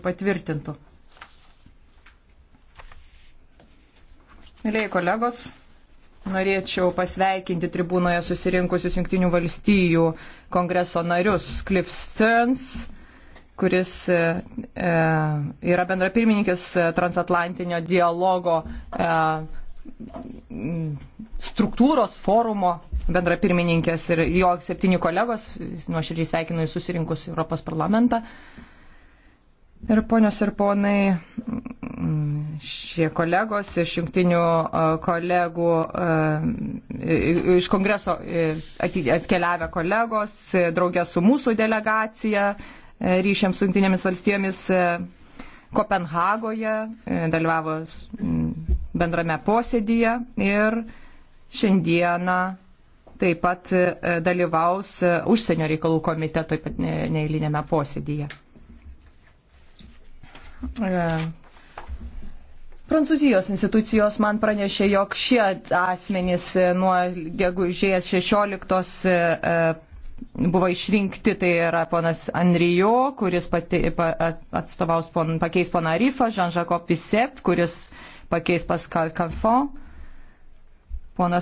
Tai patvirtintų. Mėlėjai kolegos, norėčiau pasveikinti tribūnoje susirinkusius Junktinių valstijų kongreso narius Cliff Stearns, kuris e, e, yra bendrapirmininkis transatlantinio dialogo e, struktūros forumo bendrapirmininkės ir jo septyni kolegos, nuoširdžiai sveikinu į susirinkus Europos parlamentą. E, Ir ponios ir ponai, šie kolegos iš jungtinių kolegų, iš kongreso atkeliavę kolegos, e, draugė su mūsų delegacija e, ryšiams su jungtinėmis valstijomis e, Kopenhagoje, dalyvavo bendrame posėdyje ir šiandieną taip pat dalyvaus užsienio reikalų komiteto neįlinėme posėdyje. E, Prancūzijos institucijos man pranešė, jog šie asmenys e, nuo gegužės 16 e, buvo išrinkti, tai yra ponas Anrijo, kuris pati, pa, atstovaus pon, pakeis poną Arifą, Jean-Jacques Pisep, kuris pakeis Pascal Canfon, ponas